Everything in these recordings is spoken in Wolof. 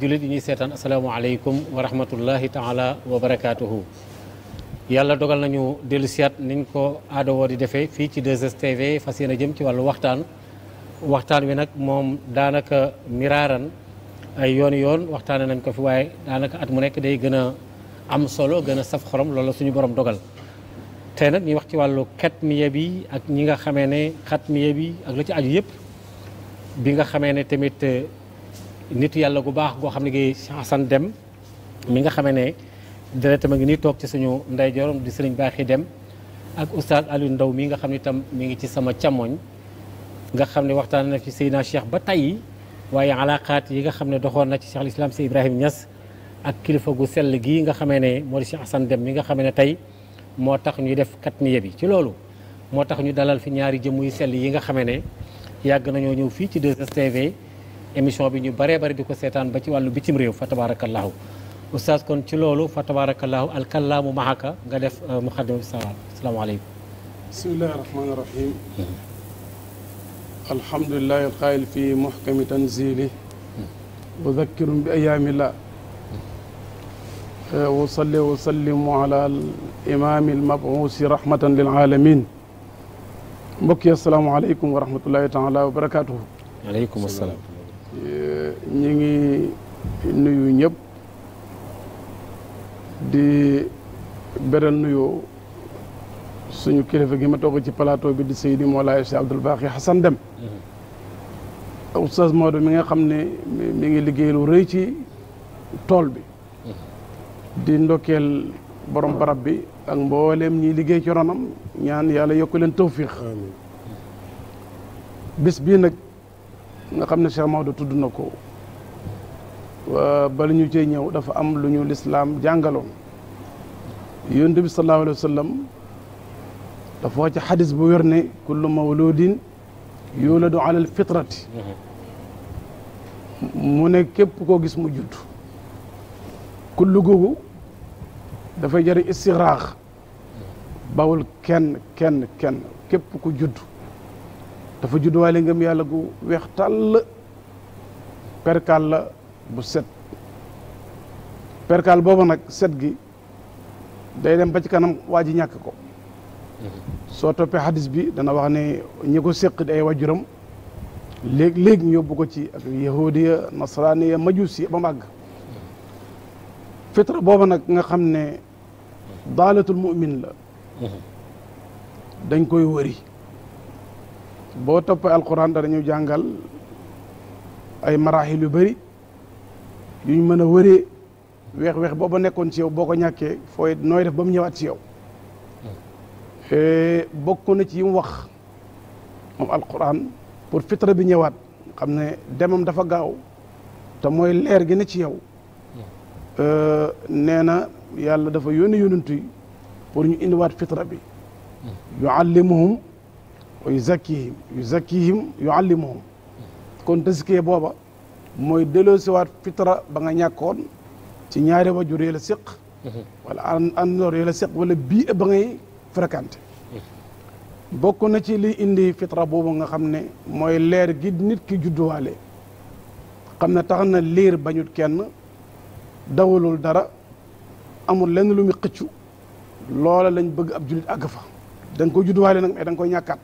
jullit yi ñuy seetaan asalaamaaleykum wa rahmatullahi taala wa barakaatuhu yàlla dogal nañu dellu siyaat niñ ko aadowoo di defee fii ci tv stv fas yéene jëm ci wàllu waxtaan waxtaan wi nag moom daanaka miraaran ay yoon yoon waxtaane nañ ko fi waaye daanaka at mu nekk day gën a am solo gën a saf xorom loolu suñu borom dogal tey nag ñuy wax ci wàllu ket xatmiya bi ak ñi nga xamee ne xat xatmiya bi ak la ci aju yëpp bi nga xamee ne tamit nit yàlla gu baax goo xam ne gi Assane dem mi nga xamee ne directement ngi nii toog ci suñu ndeyjoor di sëriñ Baaxi dem ak oustaz Aliou Ndaw mii nga xam ne itam mi ngi ci sama càmmoñ nga xam ne waxtaan na fi Seydina Cheikh ba tey waaye alaqaat yi nga xam ne doxoon na ci Cheikh Islam si Ibrahima Niass ak kilifa gu sell gii nga xamee ne moo di Cheikh Assane Deme mi nga xamee ne tey moo tax ñuy def kat niye bi ci loolu moo tax ñu dalal fi ñaari jëmm yu sell yi nga xamee ne yàgg nañoo ñëw fii ci 2STV émission bi ñu baree bari di ko seetaan ba ci wàllu bitim réew fa tabaarakallaahu oustaz kon ci loolu fa tabaarakallaahu alkalaamu mahaka nga def euh, muqaddima bi salaam asalaamaaleykum bismillahi rahmaani rahim mm-hmm. alhamdulilahi alqaayil fi muhkami tanzili mudakkirun mm-hmm. bi ayaamillah وصلي وسلم على الإمام المبعوث رحمة للعالمين مكي السلام عليكم ورحمة الله تعالى وبركاته عليكم السلام ñi ngi nuyu ñëpp di beral nuyoo suñu kilifa gi ma toog ci plateau bi di Seydi Moulaye Cheikh Abdoul Baqi Hassan Deme mhm. Oustaz Maodo mi nga xam ne mi ngi liggéey lu rëy ci tool bi mhm. di ndokkeel borom barab bi ak mbooleem ñiy liggéey ci ronam ñaan yàlla yokk leen tawfiix bis bii nag nga xam ne Cheikh Maodo tudd na ko bala ñu cee ñëw dafa am lu ñu lislaam jàngaloon yonent bi sallallahu alayhi wa dafa wax ci xadis bu wér ne kullu mawludin yuladu ala al fitrati mu ne képp koo gis mu judd kullu googu dafay jëri istixraax bawul kenn kenn kenn képp ku judd dafa judduwaale ngëm yàlla gu weex tàll perkaal la bu set perkaal booba nag set gi day dem ba ci kanam waa ji ñàkk ko soo toppee xadis bi dana wax ne ñi ko séq di ay wajuram léeg-léeg ñu yóbbu ko ci ak yahudiya nasraaniya majusi ba màgg fitra booba nag nga xam ne daalatul mu'min la dañ koy wëri boo toppee alquran danañu jàngal ay maraaxil yu bëri yuñ mën a wëre weex weex booba nekkoon ci yow boo ko ñàkkee fooy nooy def ba mu ñëwaat ci yow bokk na ci yi mu wax moom alquran pour fitra bi ñëwaat xam ne demam dafa gaaw te mooy leer gi ne ci yow nee na yàlla dafa yónni yónantu yi pour ñu indiwaat fitra bi hmm. yuallimuhum yu wa yuzakkihim yuzakkihim yuallimuhum kon taskiya booba mooy delloosiwaat fitra ba nga ñàkkoon ci ñaari wajur yi la séq wala andoor yi la séq wala bii ba ngay fréquenté bokk na ci liy indi fitra boobu nga xam ne mooy leer gi nit ki judduwaale xam ne tax na liir bañut kenn dawalul dara amul lenn lu muy xëccu loola lañ bëgg ab jullit àgg fa da nga koy judduwaale nag mais da koy ñàkkaat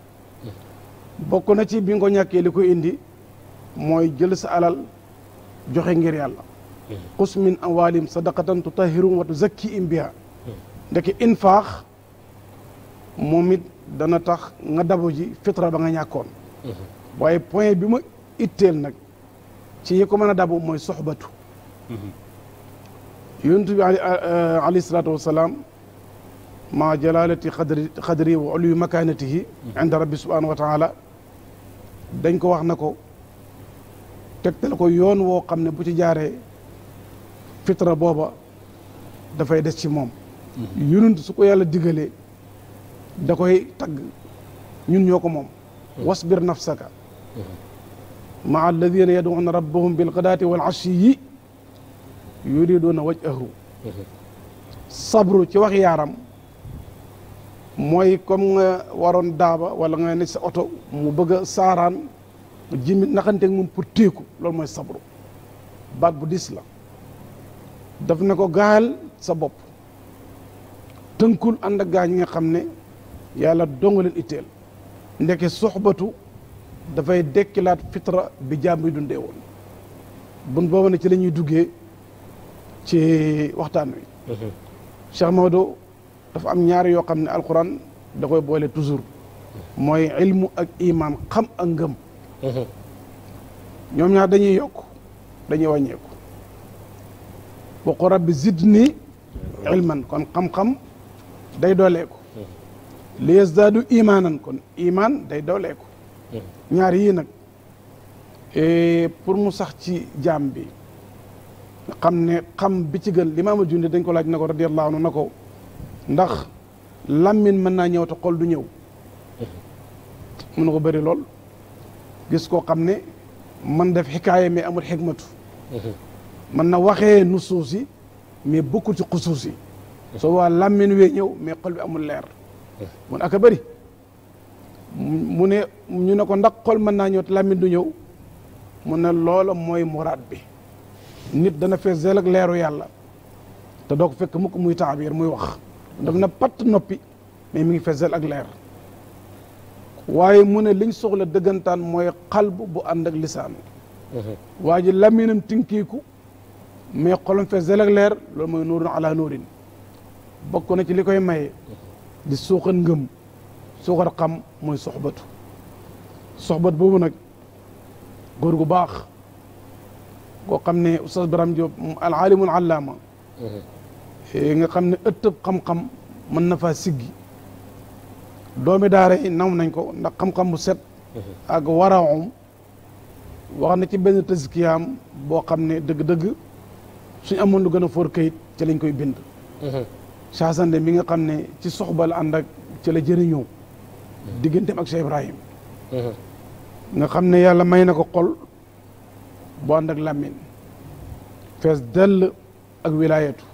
bokk na ci bi nga ko ñàkkee li ko indi mooy jël sa alal joxe ngir yàlla xus min amwaalim sadaqatan tutahirum wa tuzakkiim biha ndeke infaax moom it dana tax nga dabo ji fitra ba nga ñàkkoon waaye point bi ma itteel nag ci yi ko mën a dabu mooy soxbatu yonent bi euh, alayhi salaatu wasalaam maa jalalati qadri qadri wa ulwi makaanatihi inda rabbi subhanahu wa dañ ko wax na ko tegtal ko yoon woo xam ne bu ci jaaree fitra booba dafay des ci moom mm-hmm. yonent su ko yàlla digalee da koy tagg ñun ñoo ko moom mm-hmm. wasbir nafsaka mm-hmm. maa alladina yaduuna rabbahum bilqadaati wal ashiyi yuriduuna wajhahu sabru ci wax yaaram mooy comme nga waroon daaba wala nga ne sa oto mu bëgg saaraan jimi naxanteek moom pour téeku loolu mooy sabru baat bu dis la daf ne ko gaayal sa bopp tënkul ànd ak gaa nga xam ne yàlla dong leen itteel ndeke soxbatu dafay dekkilaat fitra bi jaam bi dundee woon bun booba ne ci la ñuy duggee ci waxtaan wi mhm. Cheikh Maodo dafa am ñaar yoo xam ne alquran da koy boole toujours mooy ilmu ak iman xam ak ngëm ñoom ñaar dañuy yokk dañuy wàññeeku waqu rabbi zidni ilman kon xam-xam day dooleeku li yazdaadu imaanan kon iman day dooleeku ñaar yii nag e, pour mu sax ci jaam bi nga xam ne xam bi ci gën limaama junde dañ ko laaj na ko radiyallahu anhu na ko ndax làmmiñ mën naa ñëw te xol du ñëw mun na ko bari lool gis koo xam ne man def xikaaya mais amul xikmatu man na waxee nu suusi si mais bokkul ci xusuus yi soo waa làmmiñ wee ñëw mais xol bi amul leer mun aka bari bëri mu ne ñu ne ko ndax xol mën naa ñëw te làmmiñ du ñëw mu ne loola mooy muraad bi nit dana fees del leeru yàlla te doo ko fekk mukk muy taabir muy wax daf na patt noppi mais mi ngi fesal ak leer waaye mu ne liñ soxla dëggantaan mooy xalb bu ànd ak lisaan mhm. waa ji laminam tinkiiku mais xolam fesal ak leer loolu mooy nuurun ala nuurin bokk na ci li koy maye mhm. di suuxat ngëm suuxat xam mooy soxbatu soxbat boobu nag góor gu baax koo xam ne oustaz Biram Diop al alimul allaama mhm. Eh, nga xam ne ëttëb xam-xam mën na faa siggi doomi daara yi naw nañ ko ndax xam-xam bu set mhm. ak warawam wax na ci benn tëskiyaam boo xam ne dëgg-dëgg suñ amoon lu gën a foor kayit ci lañ koy bind mhm. saasande mi nga xam ne ci soxbal ànd ak ci la jëriñoo mhm. digganteem ak Cheikh Ibrahim nga xam ne yàlla may na ko xol bu ànd ak làmmiñ fees dell ak wilaayatu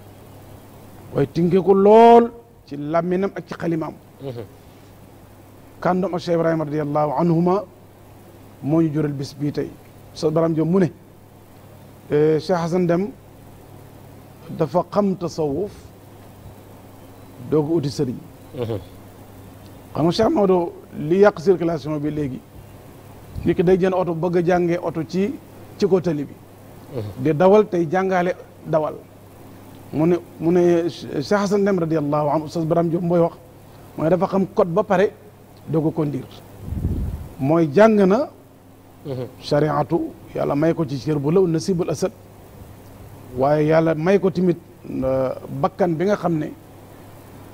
waaye tinge ko lool ci làmminam ak ci xalimaam mhm. kàndoom ak Cheikh Ibrahima radiallahu anhuma moo ñu jural bis bii tey sa baram jom e, dafa xam tasawuf doo uti sëriñ mhm. xam nga Cheikh Maodo li yàq circulation bi léegi nit day jënd oto bëgg a jàngee oto ci ci ko tali mhm. dawal tey jàngaale dawal mu ne mu ne Cheikh Hassan Deme radiallahu anhu Oustaz Baram Diop mooy wax mooy dafa xam code ba pare doog a conduire mooy jàng na chariatu mhm. yàlla may ko ci cër bu law nasibul asad waaye yàlla may ko tamit euh, bakkan bi nga xam ne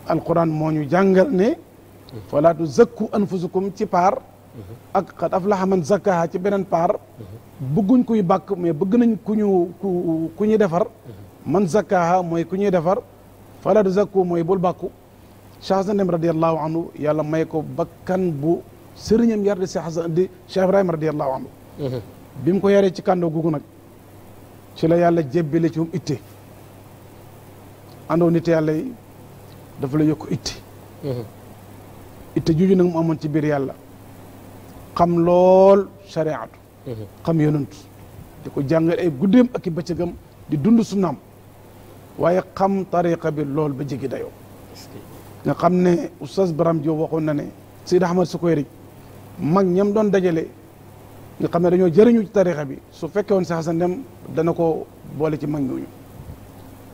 alquran moo ñu jàng ne mhm. fala tu zakku anfusukum ci paar mhm. ak xad aflaha man zakkaha ci beneen paar bëgguñ kuy bakk mais bëgg nañ ku ñu ku ñu defar man zakkaha mooy ku ñuy defar fala du zakku mooy bul bàkku Cheikh radiallahu anhu yàlla may ko bakkan bu sëriñam yar di Cheikh Hasan di Cheikh Ibrahima radiallahu anhu mhm. bi ko yaree ci kàndoo googu nag ci la yàlla jébbile ci moom itte àndoo nit yàlla yi dafa itte mhm. itte juju mu amoon ci biir yàlla xam lool shariatu mhm. xam yonent di ko jàngal ay guddeem ak i bëccëgam di dund sunnaam waaye xam tariqa bi lool ba jigi dayoo nga xam ne oustaz Baram Diop waxoon na ne Seydi Ahmad Sukoyri mag ñam doon dajale nga xam ne dañoo jëriñu ci tariqa bi su fekkee woon si Xasan dana ko boole ci mag ñooñu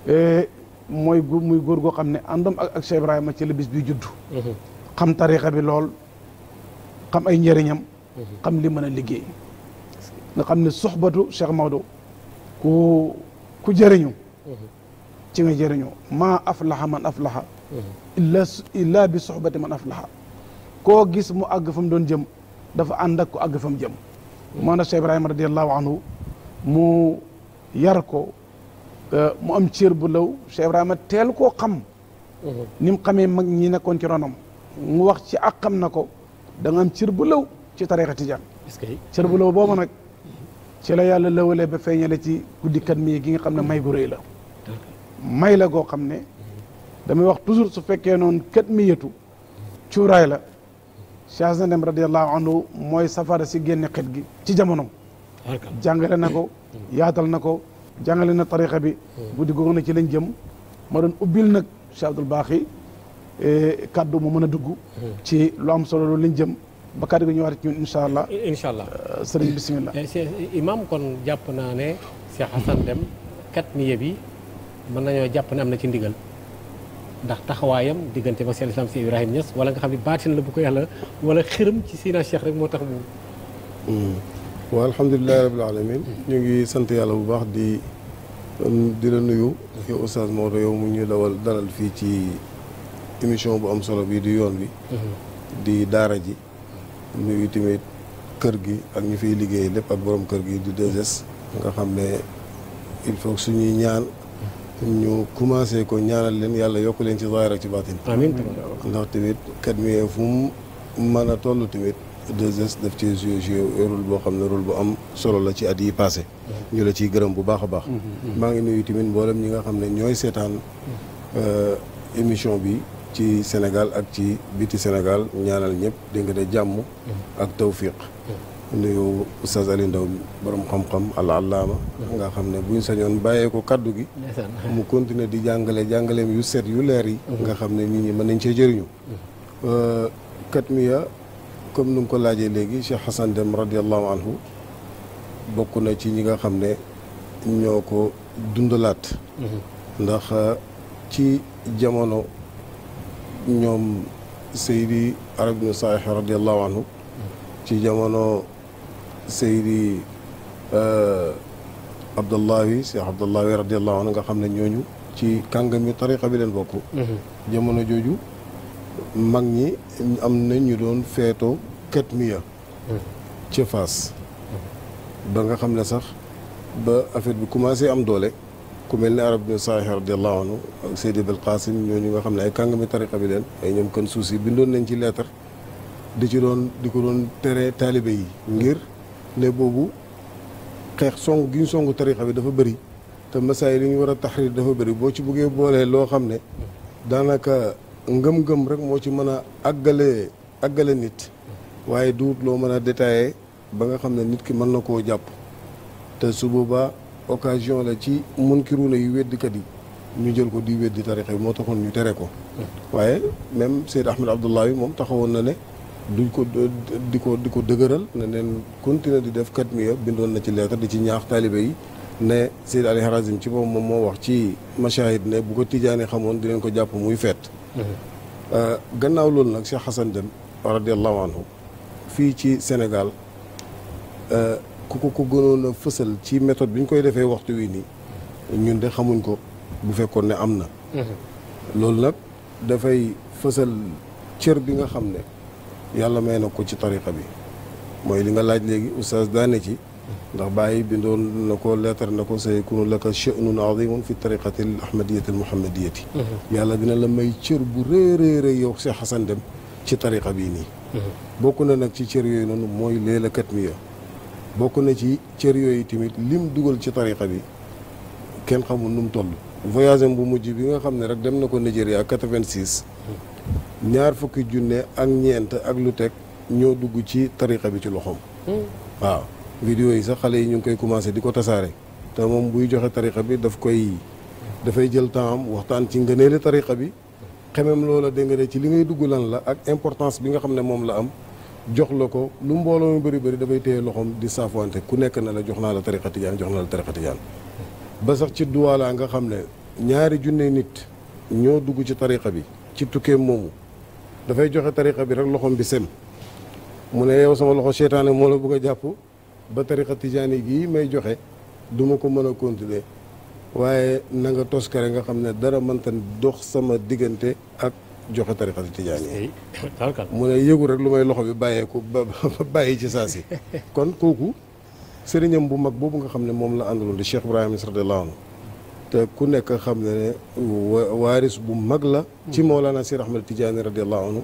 eh, mooy muy góor goo xam ne àndoom ak ak Cheikh Ibrahima ci la bis bi judd mm-hmm. xam tariqa bi lool xam ay njëriñam mm-hmm. xam li mën a liggéey nga xam ne soxbatu Cheikh Maodo ku ku jëriñu mm-hmm. ci nga jëriñoo maa aflaha man aflaha illa illa bi soxbati man aflaha koo gis mu àgg fa mu doon jëm dafa ànd ak ku fa mu jëm moo na Cheikh Ibrahima radiallahu anhu mu yar ko euh, mu am cër bu law Cheikh Ibrahima teel koo xam ni mu xamee mag ñi nekkoon ci ronam mu wax ci ak xam na ko da nga am cër bu law ci tarixa tijaan cër bu law boobu nag la yàlla lawale ba feeñale ci guddikat mii gi nga xam ne may gu rëy may la goo xam ne damay wax toujours su fekkee noonu kat mi yetu cuuraay la Cheikh na dem radiallahu anhu mooy safara si génne xet gi ci jamonom jàngale na ko yaatal na ko jàngale na tariqa bi hmm. guddi googu na ci lañ jëm ma doon ubbil nag Cheikh Abdoul Baaxi e, kaddu mu mën a dugg hmm. ci lu solo loolu lañ jëm ba kaddu gi ñëwaat ci ñun incha allah incha allah euh, sëriñ bismillah eh, imam kon jàpp naa ne Cheikh Hassan Deme kat mi bi mën nañoo jàpp ne am na ci ndigal ndax taxawaayam diggante ba seen Islaam si Ibrahima Niass wala nga xam ne baatin la bu ko yàlla wala xërëm ci Sina Cheikh rek moo tax mu. Mm. waaw alhamdulilah rabbil alamin ñu ngi sant yàlla bu baax di um, di la nuyu. yow Oustaz Maodo yow mu ñu dawal dalal fii ci émission bu am solo bi di yoon bi. Mm-hmm. di daara ji. nuyu tamit kër gi ak ñu fiy liggéey lépp ak borom kër gi di 2S. nga xam ne il faut suñuy ñaan. ñu commencé ko ñaanal leen yàlla yokk leen ci zaahir ci baatin amiin ndax tamit kat mi fu mu mën a toll tamit 2S daf ci joué joué boo xam ne rôle bu am solo la ci at yi passé ñu la ciy gërëm bu baax a baax maa ngi nuyu tamit mboolem ñi nga xam ne ñooy seetaan euh, émission bi ci Sénégal ak ci biti Sénégal ñaanal ñëpp dégg nga de jàmm ak tawfiq nuyu oustaz Aliou Ndao borom xam-xam al allaama nga xam ne buñ sañoon bàyyee ko kàddu gi mu continuer di jàngale jàngaleem yu set yu leer yi nga xam ne nit ñi mën nañ cee jëriñu mm-hmm. euh, Katmiya comme nu nga ko laajee léegi Cheikh Hassan Deme radiallahu anhu bokk na ci ñi nga xam ne ñoo ko dundalaat mm-hmm. ndax euh, ci jamono ñoom Seydi Arab ibn Saalih radiallahu anhu mm-hmm. ci jamono Seydi euh, Abdallahi Cheikh Abdallahi radiallahu anhu nga xam ne ñooñu ci kàngam yi tariqa bi leen bokk. Mhm. jamono jooju mag ñi am na ñu doon feetoo katmiya mhm. ca fas mhm. ba nga xam ne sax ba affaire bi commencé am doole ku mel ne arab bin Saalih radiallahu anhu ak Seydi Abul Qasim xam ne ay kàngami tariqa bi leen ay ñoom kon suuf bindoon nañ ci leetar di ci doon di ko doon tere taalibe yi ngir. ne boobu xeex song gi ñu songu tarixa bi dafa bari te masaay li ñu war a taxrir dafa bëri boo ci buggee boolee loo xam ne daanaka ngëm-ngëm rek moo ci mën a àggale àggale nit waaye duut loo mën a détaillé ba nga xam ne nit ki mën na koo jàpp te su boobaa occasion la ci munkiruuna yu weddikat yi ñu jël ko di weddi tarixa bi moo taxoon ñu tere ko hmm. waaye même Seyd Ahmed Abdoulaye moom taxawoon na ne duñ ko di ko di ko dëgëral ne leen continuer di def katmiya bindoon na ci lettre di ci ñaax taalibe yi ne Seydi Ali ci boobu moom moo wax ci mashahid ne bu ko tijaani xamoon di leen ko jàpp muy feet mhm. euh, gannaaw loolu nag Cheikh Hassan Deme radiallahu anhu fii ci Sénégal euh, ku ko ko gënoon a fësal ci méthode bi ñu koy defee waxtu wi nii ñun de xamuñ ko bu fekkoon ne am na mhm. loolu nag dafay fësal cër bi nga xam ne yàlla may na ko ci tariqa bi mooy li nga laaj léegi oustaz daane ci ndax bàyyi bindoon na ko leetar na ko sayakunu laka sha'nun azimun fi tariqati al ahmadiyati al muhammadiyati yàlla dina la may cër bu réerée réy yow si xasan dem ci tariqa bii na nag ci cër yooyu noonu mooy leela katmiya bokk na ci cer yooyu tamit lim dugal ci tariqa bi kenn xamul nu mu toll voyage am bu mujj bi nga xam ne rek dem na ko Nigéria 86 ñaar fukki junne ak ñeent ak lu teg ñoo dugg ci tarixa bi ci loxoom. waaw vidéo yi sax xale yi ñu ngi koy commencé di ko tasaare te moom buy joxe tarixa bi daf koy dafay jël temps waxtaan ci ngëneeli tarixa bi xemem loola dégg nga ci li ngay dugg lan la ak importance bi nga xam ne moom la am jox la ko lu mbooloo mu bëri bëri dafay téye loxoom di saafwante ku nekk na la jox naa la tarixa tijaan jox naa la tarixa tijaan ba sax ci duwaalaa nga xam ne ñaari junne nit ñoo dugg ci tarixa bi ci tukkee moomu dafay joxe tariqa bi rek loxoom bi sem mu ne yow sama loxo seetaane moo la bugg a jàpp ba tariqa tijaani gii may joxe duma ko mën a continuer waaye na nga toskare nga xam ne dara mënta dox sama diggante ak joxe tariqa tijaani mu ne yëgu rek lu may loxo bi bàyyeeku ba bàyyi ci saa si kon kooku sëriñam bu mag boobu nga xam ne moom la àndaloon di Cheikh Ibrahima radiyallahu anhu te ku nekk xam ne ne waaris bu mag la ci hmm. Mawlana Sir Ahmed Tidiane radiallahu anhu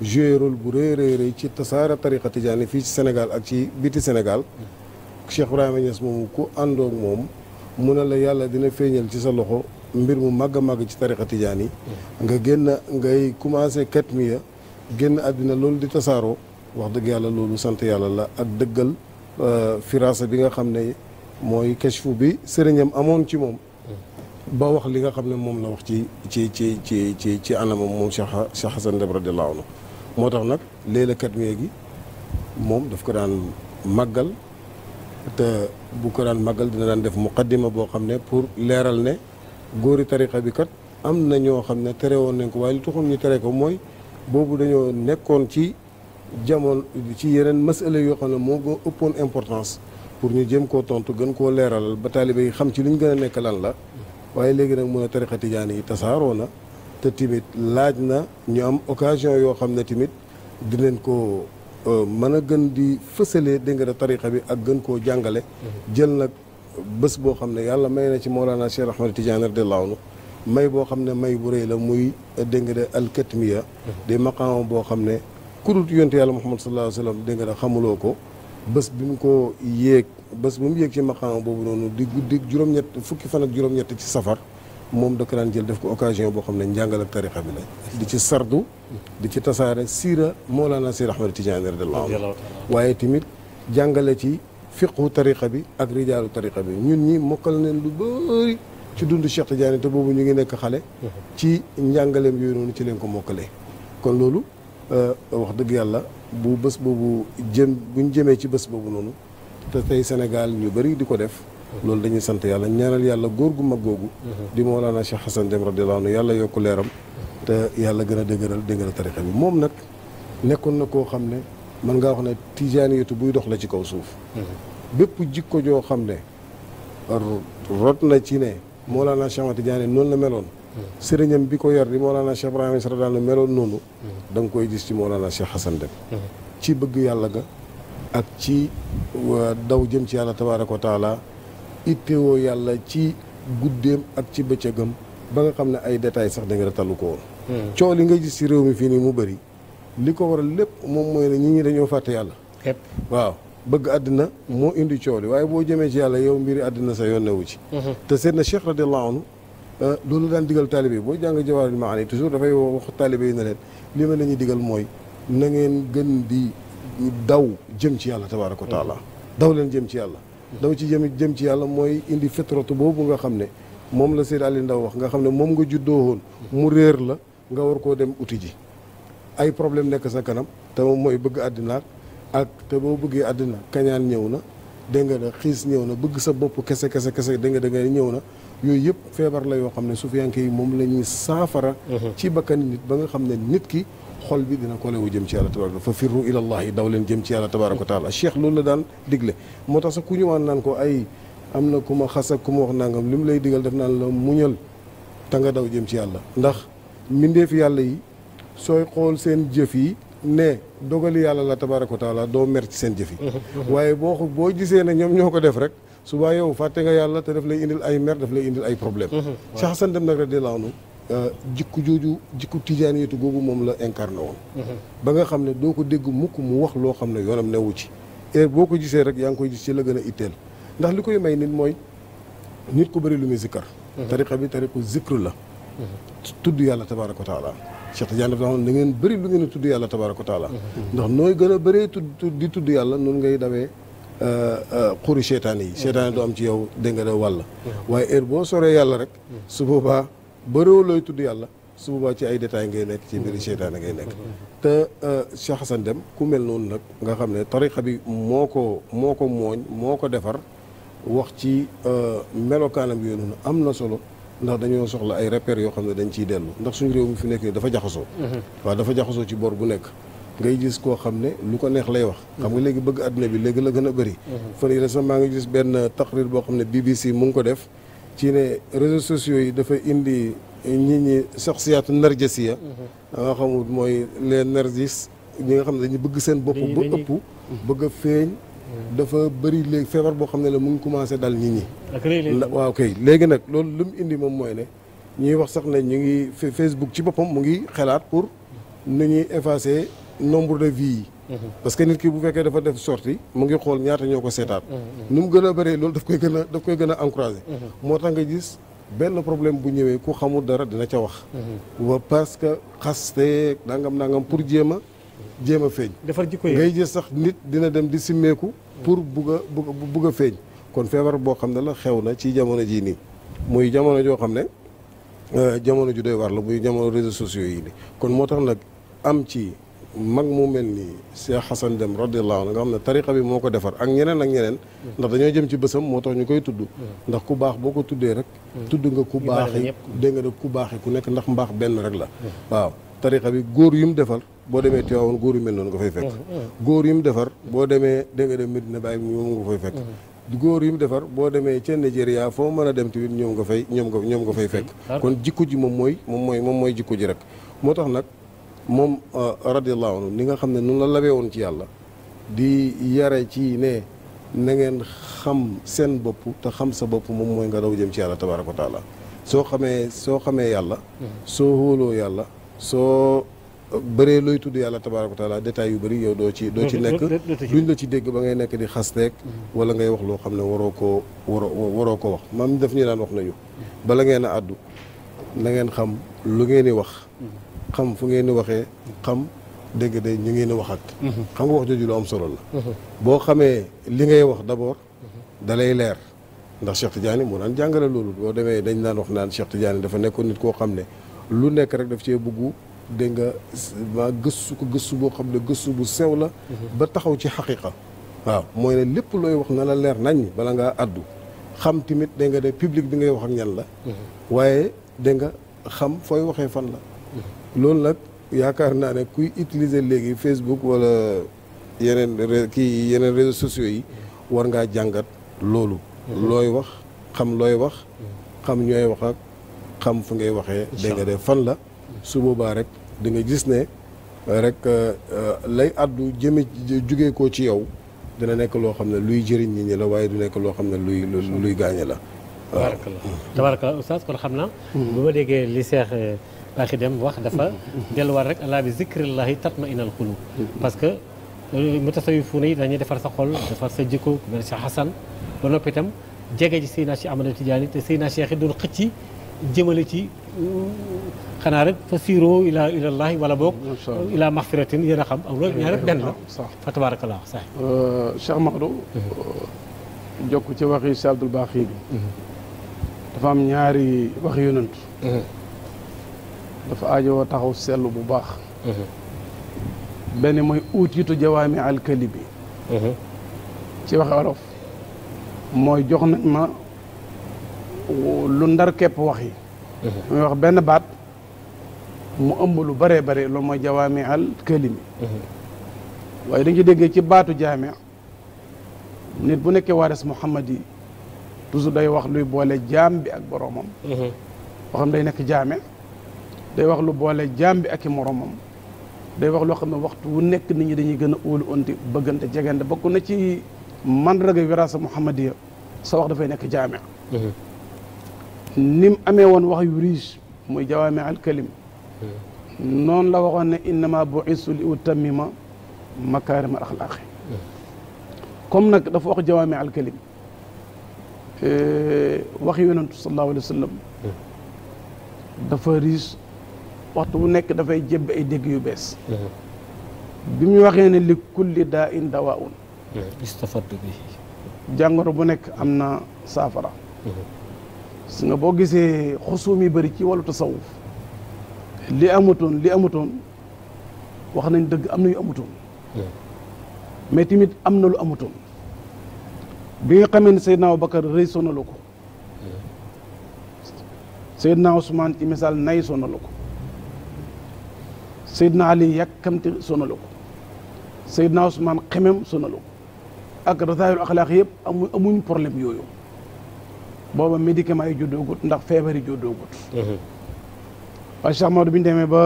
joué rôle bu rëy rëy rëy ci tasaare tariqa Tidiane fii ci Sénégal ak ci biti Sénégal hmm. Cheikh Ibrahima Niass moomu ku àndoog moom mu ne la yàlla dina feeñal ci sa loxo mbir mu màgg a ci tariqa Tidiane yi hmm. nga génn ngay commencé katmiya génn àddina loolu di tasaaroo wax dëgg yàlla loolu sant yàlla la ak dëggal euh, firaasa bi nga xam ne mooy kashfu bi sëriñam ci moom ba wax li nga xam ne moom la wax ci ci ci ci ci ci anamam moom Cheikh Cheikh Hassan Deb radiyallaahu moo tax nag léeg-léeg kat gi moom daf ko daan màggal te bu ko daan màggal dina daan def muqaddima boo xam ne pour leeral ne góori tariqa bi kat am na ñoo xam ne tere woon nañ ko waaye li taxoon ñu tere ko mooy boobu dañoo nekkoon ci jamono ci yeneen masala yoo xam ne moo gën ëppoon importance pour ñu jëm koo tontu gën koo leeralal ba taalibe yi xam ci li gën a nekk lan la waaye léegi nag mun a tarixa tijaan yi tasaaroo na te tamit laaj na ñu am occasion yoo xam ne tamit dinañ ko euh, mën a gën di fësalee dégg nga tarixa bi ak gën koo jàngale jël nag bés boo xam ne yàlla may na ci Mawlana Cheikh Ahmad Tidiane radiyallahu anhu may boo xam ne may bu rëy la muy dégg nga alkatmiya di maqaama boo xam ne ku dul yonte yàlla Muhammad sallallahu alayhi wa xamuloo ko bës bi mu ko yéeg bës bu mu yéeg ci maqaama boobu noonu di guddi juróom-ñett fukki fan ak juróom-ñett ci safar moom da ko daan jël def ko occasion boo xam ne njàngal ak tarixa bi la di ci sardu di ci tasaare siira Mawlana Seydi Ahmad Tijaani radiyallaahu anhu waaye tamit jàngale ci fiqhu tarixa bi ak rijaalu tarixa bi ñun ñi mokkal nañ lu bëri ci dundu Cheikh Tidiane te boobu ñu ngi nekk xale ci njàngaleem yooyu noonu ci leen ko mokkalee kon loolu euh, wax dëgg yàlla bu bës boobu jëm buñ jëmee ci bés boobu noonu te tey Sénégal ñu bari di ko def loolu dañuy sant yàlla ñaanal yàlla góor gu mag googu di Mawlana Cheikh Hassan Deme radiyallahu anhu yàlla yokku leeram te yàlla gën a dëgëral dëgëral tarixa bi moom nag nekkoon na koo xam ne mën ngaa wax ne tijaaniyatu buy dox la ci kaw suuf bépp jikko joo xam ne rot na ci ne Mawlana Cheikh Ahmad Tidiane noonu la meloon sëriñam bi ko yar di Mawlana Cheikh Ibrahima Niass meloon noonu mm-hmm. da koy gis ci Mawlana Cheikh Hassan Deme ci bëgg yàlla ga ak ci daw jëm ci yàlla tabaaraka wa taala ittewoo yàlla ci guddeem ak ci bëccëgam ba nga xam ne ay détails sax da nga talu koo woon. Hmm. coow li nga gis ci réew mi fii nii mu bëri li ko waral lépp moom mooy ne ñi ñi dañoo fàtte yàlla. waaw bëgg àddina moo indi coow li waaye boo jëmee ci yàlla yow mbiri àddina sa yoon newu ci. Hmm. te seet na Cheikh radiyallahu anhu euh, loolu daan digal taalibe boo jàng jawaaril maani toujours dafay wax taalibe yi ne li ma la ñuy digal mooy na ngeen di. daw jëm ci yàlla tabaaraka taala daw leen jëm ci yàlla daw ci jëm jëm ci yàlla mooy indi fitratu boobu nga xam ne moom la Seyd Ali Ndaw wax nga xam ne moom nga juddoo woon mu réer la nga war koo dem uti ji ay problème nekk sa kanam te moom mooy bëgg àddina ak te boo bëggee àddina kañaan ñëw na dégg nga da xiis ñëw na bëgg sa bopp kese kese kese dégg nga ñëw na yooyu yëpp feebar la yoo xam ne sufiyanke yi moom la saafara mm-hmm. ci bakkan nit ba nga xam ne nit ki xol bi dina ko lewu jëm ci yàlla tabaraka fa firru ila allah daw leen jëm ci yàlla tabaraka wa taala cheikh loolu la daan digle moo tax sax ku waan naan ko ay am na ku ma xas ak ku ma wax nangam li mu lay digal def naan la muñal te nga daw jëm ci yàlla ndax mbindeefi yàlla yi sooy xool seen jëf yi ne dogali yàlla la tabaraka wa taala doo mer ci seen jëf yi waaye boo boo gisee ne ñoom ñoo ko def rek subaa yow fàtte nga yàlla te daf lay indil ay mer daf lay indil ay problème Cheikh Hassane Dème nag Euh, jikku jooju jikku tijaan yetu googu moom la incarné woon. ba nga xam ne doo ko dégg mukk mu wax loo xam ne yoonam newu ci. et boo ko gisee rek yaa ngi koy gis ci la gën a itteel ndax li koy may nit mooy nit ko bari lu muy zikkar. Mhm. tariqa bi tariqu zikr la. Mhm. tudd yàlla tabaaraka wa taala. Cheikh Tidiane dafa waxoon na ngeen bëri lu ngeen a tudd yàlla tabaaraka wa taala. Mhm. ndax nooy gën a bëree tudd di tudd yàlla noonu ngay dawee euh, euh, xuri seetaan yi. seetaan du am ci yow dégg nga de wàll. waaye heure boo soree yàlla rek. su bëriwoo looy tudd yàlla su boobaa ci ay détails ngay nekk ci biir mm-hmm. seytaane ngay nekk mm-hmm. te euh, Cheikh Hassan dem ku mel noonu nag nga xam ne tariqa bi moo ko moo ko mooñ moo ko defar wax ci euh, melokaanam yooyu noonu am na solo ndax dañoo soxla ay repères yoo xam ne dañ ciy dellu ndax suñu réew mi fi nekk nii dafa jaxasoo mm-hmm. waaw dafa jaxasoo ci bor bu nekk ngay gis koo xam ne lu ko neex lay wax xam nga léegi bëgg àdduna bi léegi la gën a bëri fan yi sax maa ngi gis benn taqrir boo xam ne BBC mu ngi ko def ci ne réseaux sociaux yi dafa indi nit ñi saxsiyaatu narjisiya mhm. nga xamul mooy les narjis ñi nga xam ne dañu bëgg seen bopp ba ëpp mhm. bëgg a feeñ mhm. dafa bëri léegi feebar boo xam ne la mu ngi commencé dal nit ñi waaw kay léegi nag loolu lu indi moom mooy ne ñuy wax sax ne ñu ngi Facebook ci boppam mu ngi xalaat pour nu ñuy effacer nombre de vie yi parce que nit kii bu fekkee dafa def sorti mu ngi xool ñaata ñoo ko seetaan. Mm-hmm. Mm-hmm. nu mu gën a bëree loolu daf koy gën a daf koy gën a mm-hmm. moo tax nga gis benn problème bu ñëwee ku xamul dara dina ca wax. ba parce que te nangam nangam pour jéem a jéem a feeñ. defar jikko ngay gis sax nit dina dem di simmeeku. pour bugg a bugg a feeñ. kon feebar boo xam ne la xew na ci jamono jii nii muy jamono joo xam ne euh, jamono ju doy war la muy jamono réseaux sociaux yi nii kon moo tax nag am ci. mag mu mel nii Cheikh Xasan Dem radiyallahu anhu nga xam ne tariqa bi moo ko defar ak ñeneen ak ñeneen ndax dañoo jëm ci bésam moo tax ñu koy tudd ndax ku baax boo ko tuddee rek tudd nga ku baaxi dégg nga de ku baaxi ku nekk ndax mbaax benn rek la waaw tariqa bi góor yu mu defar boo demee Tiwaawoon góor yu mel noonu nga fay fekk góor yu mu defar boo demee dégg nga de Medina Baye ñoom nga fay fekk góor yu mu defar boo demee ca Nigeria foo mën a dem tamit ñoom nga fay ñoom nga ñoom nga fay fekk kon jikko ji moom mooy moom mooy moom mooy jikko ji rek moo tax nag moom euh, radiallahu anhu ni nga xam ne noonu la labee woon ci yàlla di yare ci ne na ngeen xam seen bopp te xam sa bopp moom mooy nga daw jëm ci yàlla tabaaraka wa taala soo xamee soo xamee yàlla hmm. soo hóoloo yàlla soo euh, bëree looy tudd yàlla tabaaraka wa taala détails yu bëri yow doo ci doo ci hmm. nekk duñ la ci dégg ba ngay nekk di xas xasteek hmm. wala ngay wax loo xam ne waroo koo waroo waroo ko wax man daf ñu daan wax nañu bala ngeen a àddu nangeen xam lu ngeen di wax xam fu ngeen di waxee xam dégg de ñu ngeen di waxat mhm. xam nga wax jooju lu am solo la mhm. boo xamee li ngay wax d'abord da lay leer ndax Cheikh Tidiane moo daan jàngale loolu boo demee dañ naan wax naan Cheikh Tidiane dafa nekkoon nit koo xam ne lu nekk rek daf cee buggu dégg nga maa gëstu ko gëstu boo xam ne gëstu bu sew la mhm. ba taxaw ci xaqiqa waaw mooy ne lépp looy wax na la leer nañ bala ngaa àddu xam tamit dégg nga de public bi ngay wax ak ñan la waaye dégg xam fooy waxee fan loolu nag yaakaar naa ne kuy utiliser léegi Facebook wala yeneen kii yeneen réseaux sociaux yi war ngaa jàngat loolu. looy wax xam looy wax. xam ñooy wax ak xam fu ngay waxee. dégg nga de fan la su boobaa rek di nga gis ne rek euh, euh, lay addu jëme jugee ko ci yow dina nekk loo xam ne luy jëriñ nit ñi la waaye du nekk loo xam ne luy luy la. waaw baaxi dem wax dafa delluwaat rek alaa bi zikrillahi tatma inal parce que euh, mutasawwifuuna yi dañuy defar sa xol defar sa jikko mel sa Xasan ba noppi itam jege ji Seydina Cheikh Ahmada Tidiane te Seydina Cheikh yi doon xëcc jëmale ci euh, xanaa rek fa siiroo ila ilallahi wala boog ila maxfiratin yéen a xam aw loolu ñaar benn fa tabarakallah sax euh, Cheikh Mahdou jokk ci waxi Cheikh Abdoul Baaxi bi mhm. dafa dafa aajowoo taxaw seetlu bu baax mhm. benn mooy uutiitu jawaami alkali bi mhm. ci waxe olof mooy jox nañ ma lu ndar kepp wax yi mhm. muy wax benn baat mu ëmb lu bëree bëri loolu mooy jawaami al kalimi waaye dañu déggee ci baatu jaame nit bu nekkee waaris Muhammad yi toujours day wax luy boole jaam bi ak boroomam. boo xam day nekk jaame day wax lu boole jaam bi ak i moroomam day wax loo xam ne waxtu wu nekk nit ñi dañuy gën a óolu onti bëggante jegante bokk na ci mandraga wirasa muhammadiya sa wax dafay nekk jaame mhm. ni mu amee woon wax yu riche muy jawaami al kalim mhm. la waxoon ne innama bu'istu li utammima makaarima al axlaaqi mhm. comme nag dafa wax jawaami al kalim eh, wax yonentu sallallahu alayhi wa sallam dafa riche waxtu bu nekk dafay jébb ay dégg yu bees mhm. bi muy waxee ne li kulli daa in mhm. jàngoro bu nekk am na saafara mhm. su nga boo gisee xusuum yi bëri ci wàllu tasawuf li amutoon li amutoon wax nañ dëgg am na yu amutoon mais tamit am na lu amutoon bi nga xamee ne Seydina Abubakar rëy sonalu ko Seydina Ousmane ci misaal nay sonalu ko Seydina Ali yàkkamte sonalu ko Seydina Ousmane xemem sonalu ko ak rasaayul axlaaq yëpp amu amuñ problème yooyu booba médicament yi juddoogut ndax feebar yi juddoogut mhm. waaye Cheikh Maodo bi ñu demee ba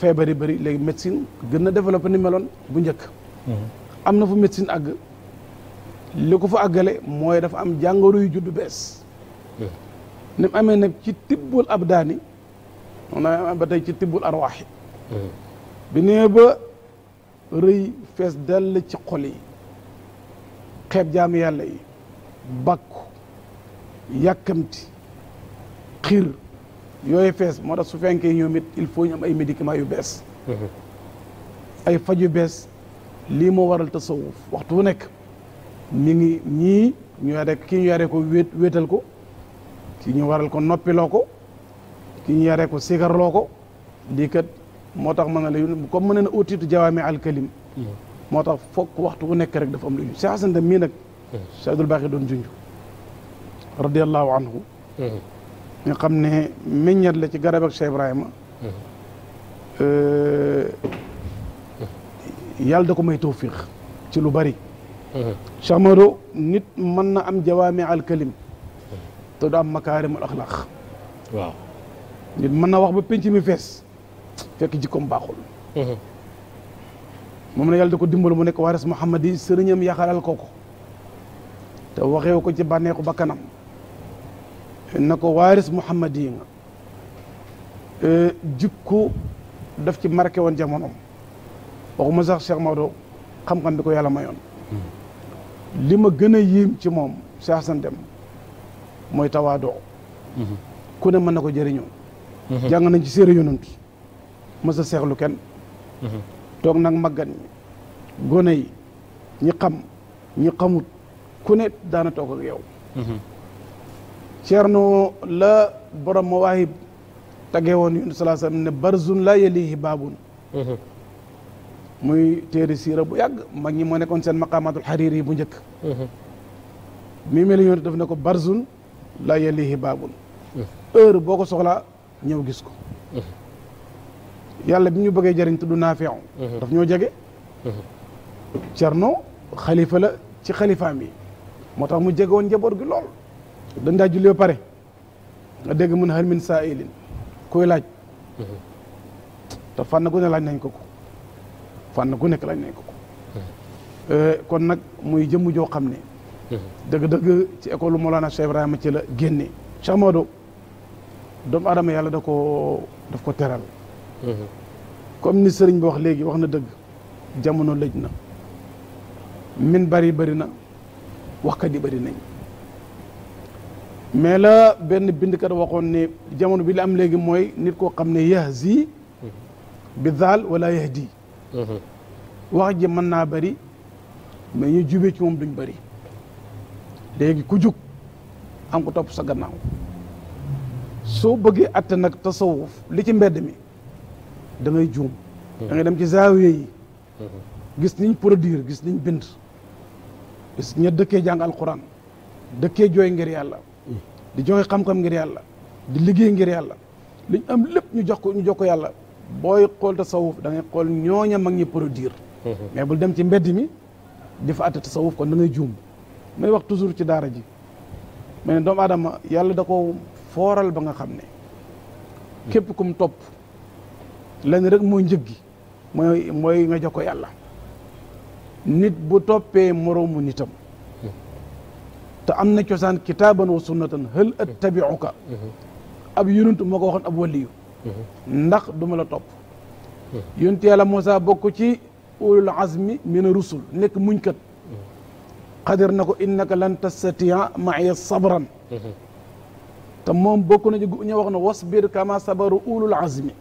feebar yi bëri léegi médecine gën na développé ni meloon bu njëkk mhm. am na fu médecine àgg li ko fa mooy dafa am jàngoro yu juddu bees mhm. ni amee nag ci tibbul abdaani moom na ba tey ci tibbul arwaax bi nee ba rëy fees dell ci xol yi xeeb jaamu yàlla yi bàkku yàkkamti xiir yooyu fees moo tax su fenkee ñoom it il faut ñoom ay médicament yu bees mm-hmm. ay faj yu bees lii moo waral ta tasawuf waxtu wu nekk mi ngi ñii ñu yare yare ko wéet wéetal ko kii ñu waral ko noppiloo ko kii ñu yare ko sigarloo ko lii kat moo tax ma ne la mën ma ne na utiitu jawaami alkalim moo tax fokk waxtu bu nekk rek dafa am lu ñu si xasante mii nag si Abdul Baaxi doon junj radiallahu anhu ñu xam ne meññat la ci garab ak Cheikh Ibrahima euh, yàlla da ko may tawfiq ci lu bari Cheikh Mado nit mën na am jawaami alkalim te du am makaarimul axlaq waaw nit mën na wax ba penc mi fees fekk jikkoom baaxul. Mhm. moom na yàlla da ko dimbal mu nekk waaris Muhammad yi sëriñam yaxaral ko ko te waxewu ko ci bànneexu ba kanam na ko waaris Muhammad yi nga e, jikko def ci marqué woon jamonoom waxuma sax Cheikh Maodo xam-xam bi ko yàlla mayoon mhm. li ma gën a yéem ci moom Cheikh Assane Deme mooy tawaadoo mhm. ku ne mën na ko jëriñoo jàng nañ ci séeréer yonent mës a ken toog nag maggan ñi gone yi ñi xam ñi xamut ku ne daana toog ak yow mhm. ceerno la borom mawaahib tagee woon yun salaa sallam ne barzun la yelihi baabun mhm. muy téere siira bu yàgg mag ñi moo nekkoon seen maqaamaatul xariiri yi bu njëkk mhm. mi mel yoon def ne ko barzun la yelihi baabun heure boo ko soxlaa ñëw gis ko yàlla bi ñu bëggee jëriñ tudd Naafi' mhm. daf ñoo jege mhm. Cerno xalifa la ci xalifaam yi moo tax mu jege woon njaboot gi lool dañ daa julli ba pare nga dégg mun hal min saa'ilin kuy laaj mhm. te fànn ku ne laaj nañ ko ko fànn ku nekk laaj nañ ko ko euh, kon nag muy jëmm joo xam ne dëgg-dëgg ci école Mawlana Cheikh Ibrahima ci la génne Cheikh Maodo doomu aadama yàlla da ko daf ko teral comme ni sëriñ bi wax léegi wax na dëgg jamono lëj na min bari bari na waxkat yi bari nañ mais la benn bindkat waxoon ne jamono bi la am léegi mooy nit koo xam ne yahzi bi daal wala yahdi wax ji mën naa bari mais ñu ci moom luñ bari léegi ku jug am ko topp sa gannaaw soo bëggee atte nag tasawuf li ci mbedd mi da juum hmm. da ngay dem ci zaawiye yi hmm. gis niñ produire gis niñ bind gis ña dëkkee jàng alquran dëkkee jooy ngir yàlla hmm. di joxe xam-xam ngir yàlla di liggéey ngir yàlla liñ am lépp ñu jox ko jox ko yàlla booy xool tasawuf da ngay xool ñooña mag ñi produire mais bul dem ci mbedd mi di fa àtte tasawuf kon da ngay juum may wax toujours ci daara ji mais ne doomu aadama yàlla da ko fooral ba nga xam ne képp kum topp lenn rek mooy njëg gi mooy nga jox ko yàlla nit bu toppee moroomu nitam te am na cosaan kitaaban wa sunnatan hal attabiuka ab yonent moo ko waxoon ab waliyu ndax du ma la topp yonent yàlla Moussa bokk ci ulul azmi mina rusul nekk muñkat xadir na ko innaka lan tastatia maaya sabran te moom bokk na ñu wax na wasbir kama sabaru ulul azmi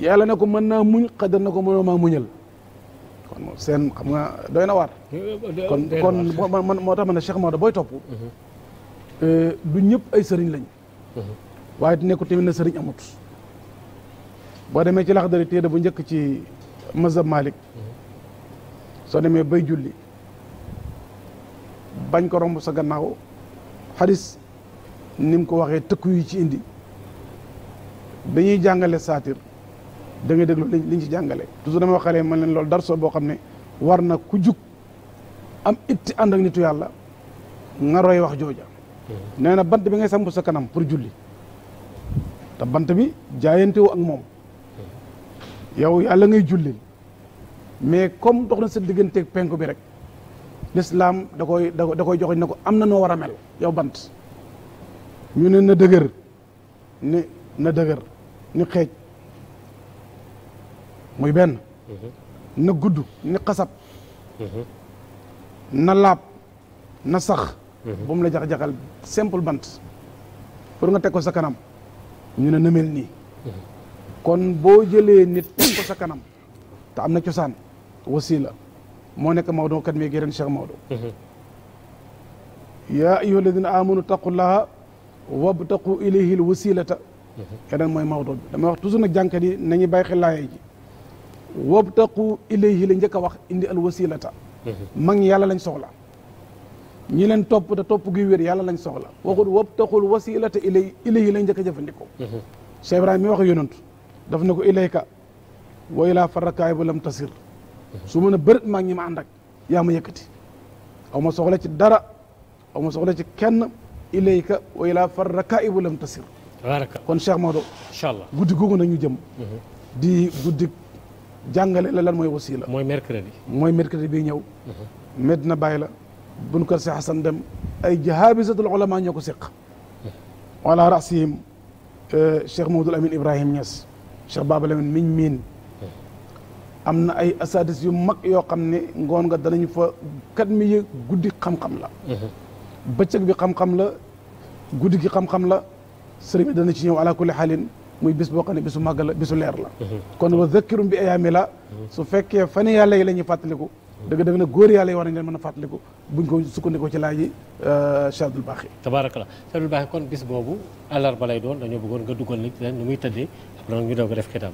yàlla ne ko mën naa muñ xadar na ko mënoo maa muñal kon seen xam doy na waar kon kon moo tax ma ne Cheikh Maodo booy topp mhm. euh, du ñëpp ay sëriñ lañ mhm. waaye di nekku tamit na sëriñ amut boo demee ci laxdari téere bu njëkk ci mazhab Malik mhm. soo demee bay julli bañ ko romb sa gannaaw xadis nim ko waxee tëkku yi ci indi dañuy jàngale saatir da ngay déglu liñ ci jàngale toujours dama wax xale man leen loolu darso boo xam ne war na ku jug am itti ànd ak nitu yàlla nga roy wax jooja nee na bant bi ngay samp sa kanam pour julli te bant bi jaayante ak moom yow yàlla ngay jullil mais comme dox na sa digganteeg penku bi rek l'islam da koy da koy joxe na ko am na noo war a mel yow bant ñu ne na dëgër ni na dëgër ni xeej muy benn na gudd ni xasab na laab na sax bu mu la jax-jaxal simple bant pour nga teg ko sa kanam ñu ne namel nii kon boo jëlee nit teg ko sa kanam te am na cosaan wasila moo nekk Maodo kat mi gërëm Cheikh Maodo yaa ayyuha alladina amanu taqullaha wabtaqu ilayhi alwasilata keneen mooy Maodo bi dama wax toujours na jànkat yi nañu bàyyi xel laaya wabtaqu ilayhi la njëkk a wax indi al wasilata mm-hmm. mag ñi yàlla lañ soxla ñi leen topp te topp guy wér yàlla lañ soxla waxul wabtaqul wasilata ilay ilayhi la njëkk a jëfandikoo mm-hmm. Cheikh Ibrahima mi wax yonantu daf ne ko ilayka wa ilaa farakaay bu lam tasir mm-hmm. su mën a bërit mag ñi ma ànd ak yaa ma aw ma soxla ci dara ma soxla ci kenn ilayka wa ilaa farakaay bu lam tasir kon Cheikh Maodo incha allah guddi googu nañu jëm di guddi jàngale la lan mooy wasiila. mooy mercredi. mooy mercredi bii ñëw. Medina Baye la. buñ kër si Xasan dem ay jahaabisatul ulama ñoo ko seq. wala rasihim eh, Cheikh Mawdul Amin Ibrahim Niass. Cheikh Baba Lamine miñ miin. am na ay asadis yu mag yoo xam ne ngoon nga danañu fa kat mi yë guddi xam-xam la bëccëg bi xam-xam la guddi gi xam-xam la sëriñ bi dana ci ñëw ala kulli xaalin muy bis boo xam ne bisu màgg la bisu leer la mhm. kon wa zakkirum bi ayaami la mhm. su fekkee fan yàlla yi la ñuy fàttaliku dëgg dëgg ne góor yàlla yi war nañ leen mën a fàttaliku buñ ko sukkandikoo ci laaj yi euh, Chadul Baaxi tabaarakala Chadul Baaxi kon bis boobu àllarba lay doon dañoo bëggoon nga dugal nit leen nu muy tëddee après ñu doog a def kitaab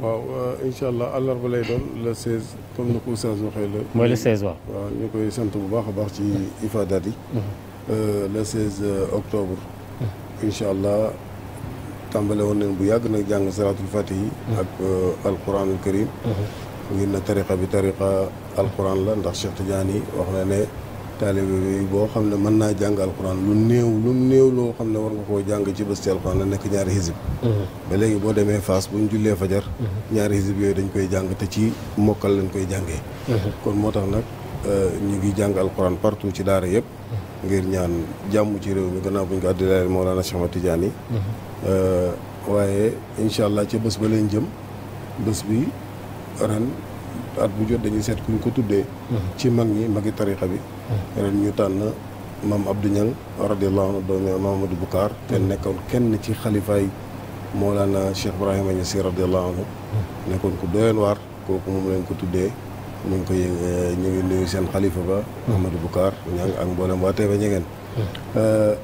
waaw euh, incha allah àllarba lay doon le 16 comme ni ko oustaz waxee la mooy le 16 waaw waaw ñu koy sant bu baax a baax ci ifadaat yi mhm. euh, le 16 octobre incha allah tàmbale woon nañ bu yàgg nag jàng salaatul fatihi mm-hmm. ak euh, alquranul karim mm-hmm. ngir na tariqa bi tariqa alquran la ndax Cheikh Tidiane yi wax na ne taalibe bi boo xam ne mën naa jàng alquran lu néew lu néew loo xam ne war nga koo jàng ci bés ci alquran la nekk ñaari hizib mm-hmm. ba léegi boo demee Faas bu ñu jullee fajar ñaari hizib yooyu dañ koy jàng te ci mokkal lañ koy jàngee kon moo tax nag euh, ñu ngi jàng alquran partout ci daara yëpp ngir ñaan jàmm ci réew mi gannaaw bu ñu ko addilaale Mawlana Cheikh Ahmad Tidiane yi mm-hmm. uh, waaye incha allah ca bés ba leen jëm bés bi ren at bu jot dañuy seet kuñ ko tuddee mm-hmm. ci mag ñi magi tarixa bi mm-hmm. ren ñu tànn mam Abdou Niang radiyallahu anhu doomi Mamadou Boucar te nekkoon kenn ci xalifaay Mawlana Cheikh Ibrahima Niass radiyallahu anhu nekkoon ku doyoon waar kooku moom lañ ko tuddee mu ngi koy euh, ñu ngi nuyu seen xalifa ba Ahmadou Boucar ñaa ngi ak mboolem waa Taïba Niaguène hmm. euh,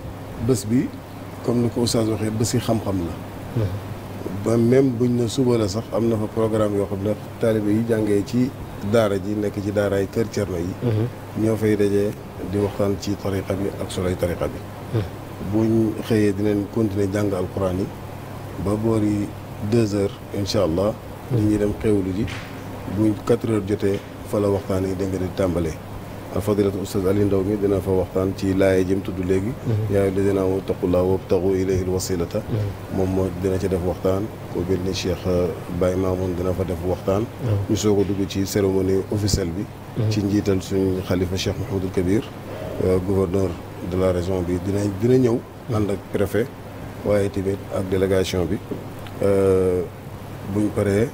bés bi comme ni ko oustaz waxee bés yi xam-xam la hmm. ba même buñ ne suba la sax am na fa programme yoo xam ne taalibe yi jàngee ci daara ji nekk ci daaraay kër Cerno yi hmm. ñoo fay dajee di waxtaan ci tariqa bi ak soloy tariqa bi buñ xëyee dinañ continuer jàng alquran yi ba boori deux heures incha allah. di ñuy dem xewlu ji bu 4 heures jotee fa la waxtaan yi dégg nga di tàmbalee alfadilatu oustaz Ali Ndaw mi dina fa waxtaan ci laaya jëm tudd léegi mhm. yaayu da dinaa wo taqulaa wabtagu ilayhi alwasilata mhm. moom moo dina ci def waxtaan ko bir ni Cheikh euh, Baye Mamoun dina fa def waxtaan mhm. ñu soo a dugg ci cérémonie officielle bi ci njiital suñu xalifa Cheikh Mouhamadul Kabir euh, gouverneur de la région bi dina dina ñëw ànd ak préfet waaye tamit ak délégation bi euh, buñ pare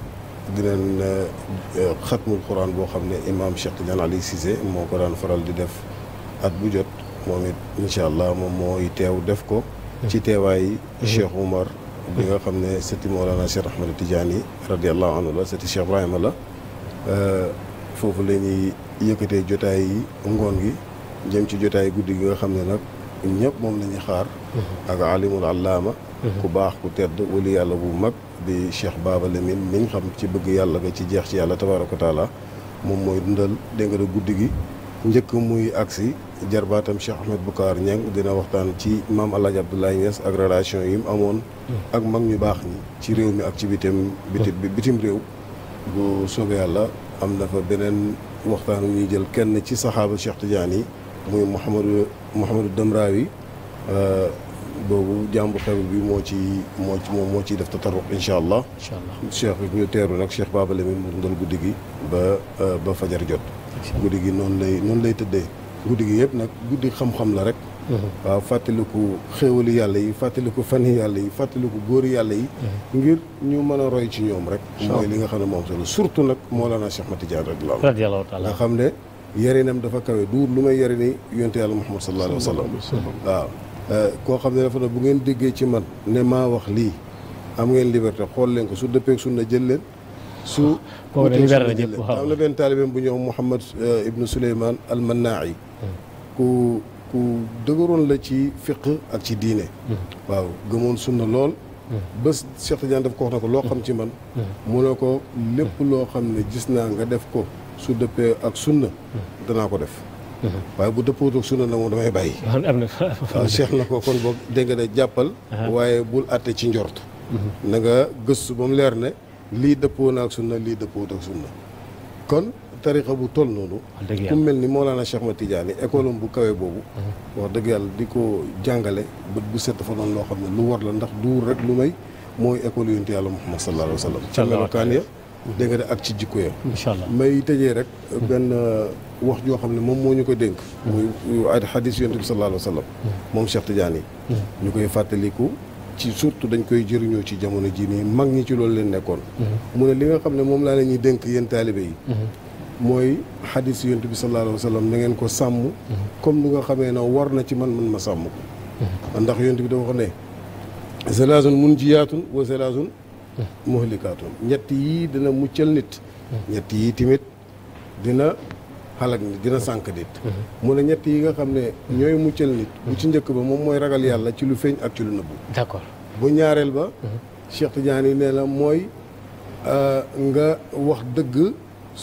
di leen euh, xatmul quran boo xam ne imaam Cheikh Tidiane Ali Cissé moo ko daan faral di def at bu jot moom it incha allah moom mooy teew def ko. ci teewaayi Cheikh Umar. bi nga xam ne sëti Mawlana Cheikh Ahmad Tidiane radiyallahu anhu la sëti Cheikh Ibrahima la. Euh, foofu la ñuy yëkkatee jotaay yi ngoon gi jëm ci jotaay guddi gi nga xam ne nag ñëpp moom la ñuy xaar. Mhm. ak alimul allaama mhm. ku baax ku tedd wali yàlla bu mag. bi Cheikh Baba Lamine miñ xam ci bëgg yàlla ga ci jeex ci yàlla tabaaraka taala moom mooy dundal dégg guddi gi njëkk muy agsi jarbaatam Cheikh Ahmed Boucar Niang dina waxtaan ci maam El Hadj Abdoulaye Niass ak relation yi mu amoon ak mag ñu baax ñi ci réew mi ak ci bitim bitim réew bu soobee yàlla am na fa beneen waxtaan wu ñuy jël kenn ci saxaaba Cheikh Tidiane yi muy Mouhamadou Mouhamadou Damrawi euh, boobu jàmbu xewul bi moo ci moo ci moo ciy def tatarruk incha allah. incha allah cheikh bi ñu teeru nag cheikh Baba Lamine mu dundal guddi gi ba euh, fajar jot. guddi gi noonu lay noonu lay tëddee. guddi gi yëpp nag guddi xam-xam la rek. Mm-hmm. waaw fàttaliku xéewalu yàlla yi fàttaliku fan yàlla yi fàttaliku góor yàlla yi. Mm-hmm. ngir ñu mën a roy ci ñoom rek. mooy li nga xam ne moom solo surtout nag Mawlana Cheikh Mati Diagne radiyallahu taala nga xam ne yarinam dafa kawe duur lu may yarini yonte yàlla Muhammad sallallahu alayhi wa sallam waaw koo xam ne dafa ne bu ngeen déggee ci man ne maa wax lii am ngeen liberté xool leen ko su dëppeeg sunna jël leen su ah, utee sunna jël benn taalibeem bu ñëw Mouhamad euh, ibnu Souleymane al-Mannaa'i hmm. ku ku dëgëroon la ci fiq ak ci diine hmm. waaw gëmoon sunna lool hmm. bés Cheikh Tidiane daf ko wax na ko loo xam ci man mu ne ko lépp loo xam ne gis naa nga def ko su dëppee ak sunna danaa ko def waaye bu dëppoo sunna na moom damay bàyyi. am na waaw seex na ko kon boobu dégg nga jàppal. waaye bul àtte ci njort. Mhm. na nga gëstu ba mu leer ne lii dëppoo na ak sunna lii dëppoo ak sunna kon tariqa bu toll noonu. ku mel ni moo Mawlana Cheikh Ma Tidiane école am bu kawe boobu. wax dëgg yàlla di ko jàngale bët bu set dafa doon loo xam ne lu war la ndax duur rek lu may mooy école yonent yàlla Muhammad sallallahu alayhi wa sallam. ca melokaan ya dégg ak ci jikko ya incha allah may tëjee rek benn mm-hmm. euh, wax joo xam ne moom moo ñu ko dénk muy xadis yonent bi sallallahu alayhi mm-hmm. moom Cheikh Tidiane yi mm-hmm. ñu koy fàttaliku ci surtout dañ koy jëriñoo ci jamono ji nii mag ñi ci loolu leen nekkoon mu ne li nga xam ne moom laa la ñuy dénk yéen taalibe yi mooy xadis yonent bi sallallahu alayhi wa sallam ko sàmm comme ni nga xamee ne war na ci man man ma sàmm ko ndax yonent bi dafa wax ne zalaazun munjiyaatun wa zalaazun muhlikaatun ñett yii dina muccal nit ñett yii tamit dina xalak nit dina sànq nit mu ne ñett yi nga xam ne ñooy muccal nit bu ci njëkk ba moom mooy ragal yàlla ci lu feeñ ak ci lu nëbbu d'accord bu ñaareel ba Cheikh Tidiane nee na mooy euh, nga wax dëgg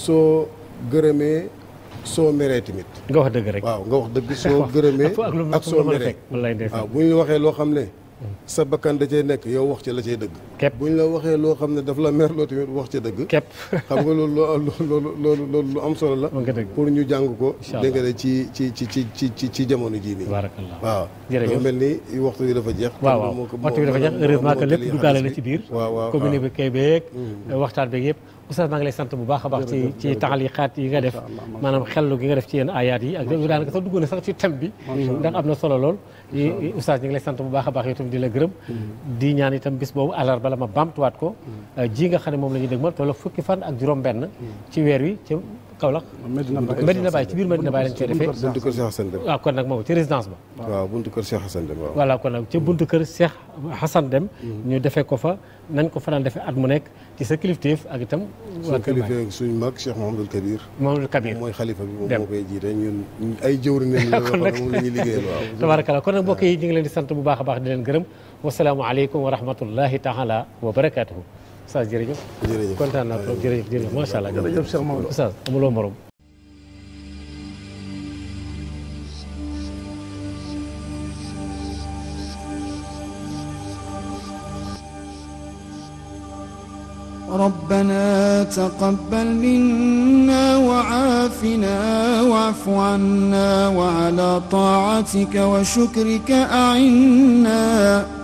soo gërëmee soo meree tamit nga wax dëgg rek waaw nga wax dëgg soo gërëmee ak soo meree waaw bu ñu waxee loo xam ne sa bakkan da cay nekk yow wax ci la cay dëgg. képp bu ñu la waxee loo xam ne daf la mer loo tamit wax ca dëgg. képp xam nga loolu loolu loolu loolu lu am solo la. pour ñu jàng ko. dégg nga ci ci ci ci ci ci jamono jii nii. waaw jërëjëf mel ni waxtu bi dafa jeex. waaw waaw waxtu bi dafa jeex heureusement que lépp duggaale na ci biir. waaw waaw communiqué beeg mm-hmm. waxtaan beeg yëpp. oustaz maa ngi lay sant bu baax a baax ci ci taxaliqaat yi nga def maanaam xellu gi nga def ci yenn ayaat yi ak daanaka sax dugg na sax ci thème bi ndax am na solo lool oustaz ñu ngi lay sant bu baax a baax tam di la gërëm hmm. di ñaan tam bis boobu àllarba la ma baamtuwaat ko hmm. ji nga xam ne moom la ñuy dëgmal tolloo fukki fan ak juróom benn hmm. ci weer wi ci Kaolack. Medina Baye ci biir Medina Baye lañ koy defee. buntu kër Cheikh Hassan Deme waaw ah, kon nag moom ci résidence ba. waaw buntu kër Cheikh mhm. ñu defee ko fa nañ ko fa daan defee at nekk ci sa kilifteef ak itam. waa kër Baye suñ kilifteef suñ mag Cheikh Mouhamadul Kabir. Mouhamadul Kabir mooy xalifa bi moom moo koy jiite ñun ay jëwri ne la kon nag moom la ñuy liggéeyal waaw. tabaarkalla yi ñu ngi leen di sant bu baax a baax di leen gërëm wasalaamualeykum wa rahmatullahi taala wa barakaatuhu Oustaz jërëjëf. jërëjëf kontaan naa trop jërëjëf jërëjëf macha allah. jërëjëf Cheikh Maodo Oustaz amuloo morom. ربنا تقبل منا وعافنا واعف عنا وعلى طاعتك وشكرك أعنا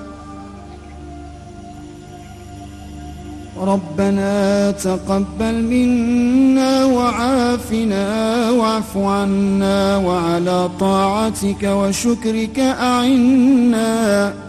ربنا تقبل منا وعافنا واعف عنا وعلى طاعتك وشكرك أعنا